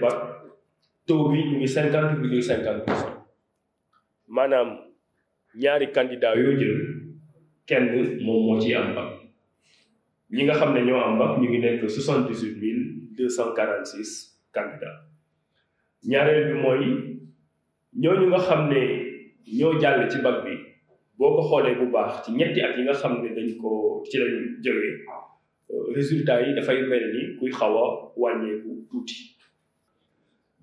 ba taux bi ñu ngi cinquante virgule cinquante pour cent maanaam ñaari candidat yoo jël kenn moom moo ci am ñi nga xam ne ñoo am ñu ngi nekk soixante dix huit mille deux cent quarante six candidats ñaareel nga xam ne ñoo jàll ci bac bi boo ko xoolee bu baax ci ñetti at yi nga xam ne dañ ko ci lañ jógee résultat yi dafay mel ni kuy xaw a wàññeeku tuuti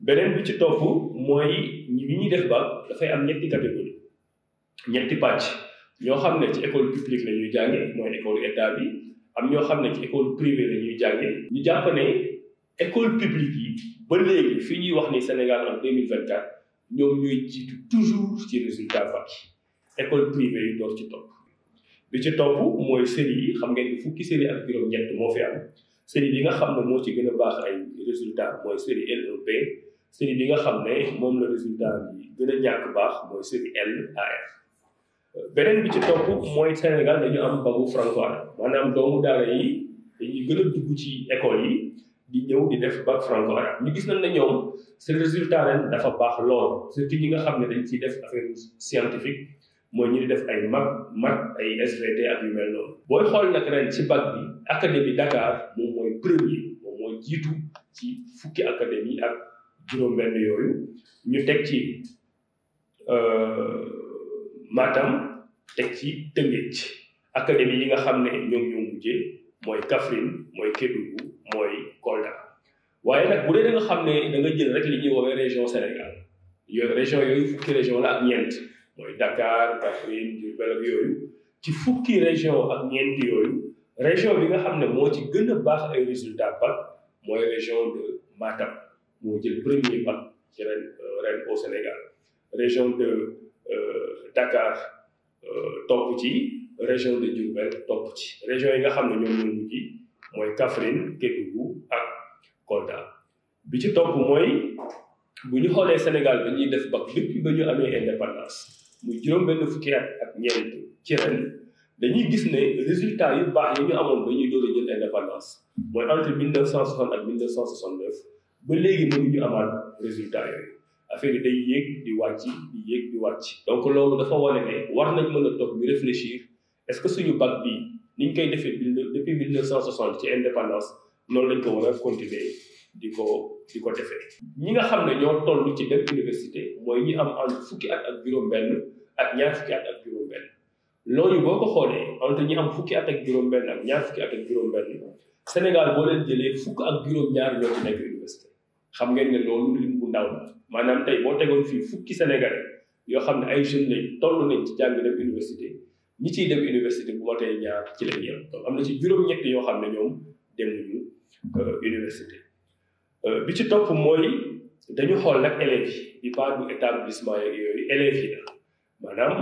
beneen bi ci topp mooy ñi ñi def ba dafay am ñetti catégorie ñetti pàcc ñoo xam ne ci école publique la ñuy jànge mooy école état bi am ñoo xam ne ci école privée la ñuy jànge ñu jàpp ne école publique yi ba léegi fi ñuy wax ni Sénégal en 2024 ñoom ñuy jiitu toujours ci résultat fac école privée yi door ci topp bi ci topp mooy série yi xam ngeen ni fukki série ak juróom-ñett moo fi am série yi nga xam ne moo ci gën a baax ay résultat mooy série l série bi nga xam ne moom la résultat bi gën a ñàkk baax mooy série L AR beneen bi ci topp mooy Sénégal dañu am bagu franco-arabe maanaam doomu daara dañuy gën a dugg ci école yi di ñëw di def bac franco-arabe ñu gis nañ na ñoom seen résultat ren dafa baax lool surtout ñi nga xam ne dañ ciy def affaire scientifique mooy ñu di def ay mag mag ay SVT ak yu mel noonu booy xool nag ren ci bac bi académie Dakar moom mooy premier moom mooy jiitu ci fukki académie ak juróom benn yooyu ñu teg ci euh, matam teg ci tëngéej académie yi nga xam ne ñoom ñoo mujjee mooy kaffrine mooy kédougou mooy kolda waaye nag bu dee da nga xam ne da nga jël rek li ñuy woowee région sénégal yooyu région yooyu fukki région la ak ñeent mooy dakar kaffrine diourbel ak yooyu ci fukki région ak ñeent yooyu région bi nga xam ne moo ci gën a baax ay résultat bac mooy région de matam moo jël premier pas ci ren euh, ren au Sénégal région de euh, Dakar euh, topp ci région de Diourbel topp ci région yi nga xam ne ñoom ñoo ci mooy Kaffrine Kédougou ak Kolda bi ci topp mooy bu ñu xoolee Sénégal dañuy def bac depuis ba ñu amee indépendance muy juróom-benn fukki at ak ñeent ci ren dañuy gis ne résultat yu baax yi ñu amoon ba ñuy door a jël indépendance mooy entre 1960 ak 1969. ba léegi mënuñu amaat résultat yooyu affaire yi day yéeg di wàcc di yéeg di wàcc donc loolu dafa wane ne war nañ mën a toog di réfléchir est-ce que suñu bac bi ni ñu koy defee depuis 1960 ci indépendance loolu lañ ko war a continuer di ko di ko defee ñi nga xam ne ñoo toll ci dem université mooy ñi am entre fukki at ak juróom-benn ak ñaar fukki at ak juróom-benn loolu boo ko xoolee entre ñi am fukki at ak juróom-benn ak ñaar fukki at ak juróom-benn Sénégal boo leen jëlee fukk ak juróom-ñaar ñoo ci nekk université xam ngeen ne loolu lim bu ndaw maanaam tey boo tegoon fii fukki sénégalais yoo xam ne ay jeunes lañ toll nañ ci jàng dem université ñi ciy dem université bu matee ñaar ci lañ yem donc am na ci juróom-ñett yoo xam ne ñoom demuñu université bi ci topp mooy dañu xool nag élèves yi di part du établissement yeeg yooyu élèves yi la maanaam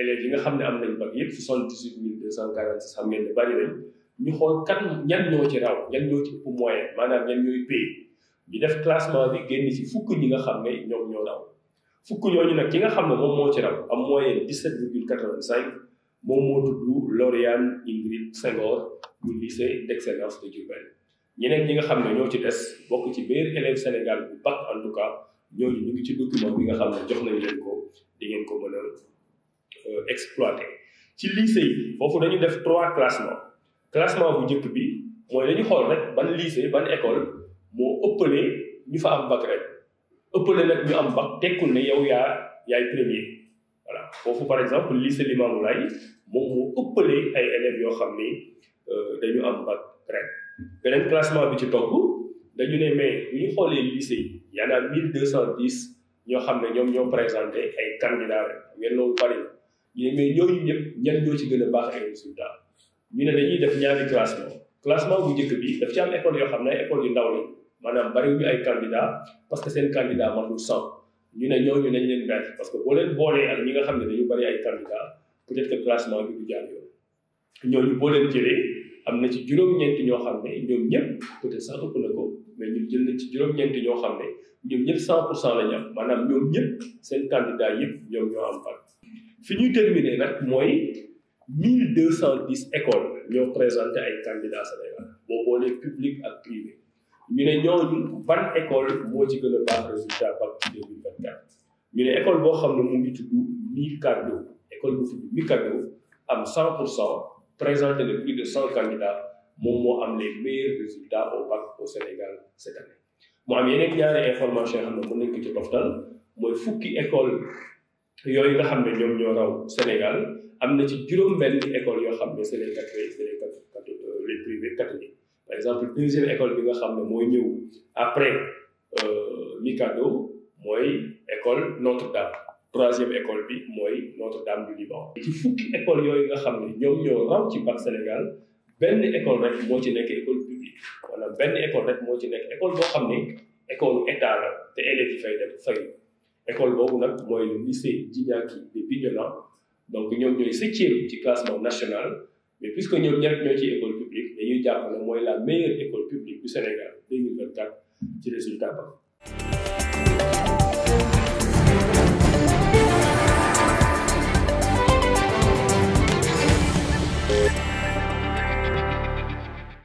élèves yi nga xam ne am nañ bac yëpp soixante dix huit mille deux cent quarante six xam ngeen ne bari nañ ñu xool kan ñan ñoo ci raw ñan ñoo ci ëpp moyen maanaam ñan ñooy paye bi def classement bi génn ci fukk ñi nga xam ne ñoom ñoo raw fukk ñooñu nag ki nga xam ne moom moo ci raw am moyenne 17 virgule 85 moom moo tudd Lauriane Ingrid Senghor bu lycée d'excellence de Diourbel ñeneen ñi nga xam ne ñoo ci des bokk ci meilleur élève Sénégal bu bac en tout cas ñooñu ñu ngi ci document bi nga xam ne jox nañu leen ko di ngeen ko mën a euh, exploiter ci lycée yi foofu dañu def trois classement classement bu njëkk bi mooy dañu xool ban lycée ban école moo ëppale ñu fa am bac rek ëppale nag ñu am bac tekkul ne yow yaa yaay premier voilà foofu par exemple lycée Limamou Laye moom moo ëppale ay élèves yoo xam ni euh, dañu am bac rek beneen bi ci topp dañu ne mais bu ñu xoolee lycée yi y en a mille deux cent ñoo xam ne ñoom ñoo présenté ay candidats rek ngeen loolu bari na ñu ne mais ñooñu ñëpp ñan ñoo ci gën a baax ay résultats ñu ne dañuy def ñaari classement classement bu njëkk bi daf ci am école yoo xam ne école yu ndaw lañ bariwuñu ay candidat parce que seen candidat matul saw ñu ne ñoow ñooñu nañ leen bett parce que boo leen boolee ak ñi nga xam ne dañu bari ay candidat peut-être que classement bi du boo leen jëlee am na ci juróom ñoo xam ne ñoom ñëpp peut-être sax ëpp na ko mais ñun ci juróom ñoo xam ne ñoom ñëpp 100 pour cent la ñu am ñoom ñëpp seen candidat yëpp ñoom ñoo am par fi ñuy terminer nag mooy cent 1210 école ñoo présenté ay candidats Sénégal boo boolee public ak privé. ñu ne ñooñu ban école moo ci gën a résultat bac ci 2024 ñu école boo xam ne ngi tudd école 100 présenté plus de 100 candidats moom moo am les meilleurs résultats au bac au Sénégal cette année mu am yeneen ñaari information yoo xam ne ci fukki école nga Sénégal am na ci école par exemple deuxième école bi nga xam ne mooy ñëw après euh, Mikado mooy école Notre-Dame troisième école bi mooy Notre-Dame du Liban. ci fukki école yooyu nga xam ne ñoom ñoo raw ci bac Sénégal benn école rek moo ci nekk école publique wala benn école rek moo ci nekk école boo xam ne école état la te élèves yi fay dem fay école boobu nag mooy le lycée Djignaki de Bignona donc ñoom ñooy septième ci classement national mais puisque ñoom ñett ñoo ci école publique la meilleure école publique du Sénégal 2024 ci résultat ba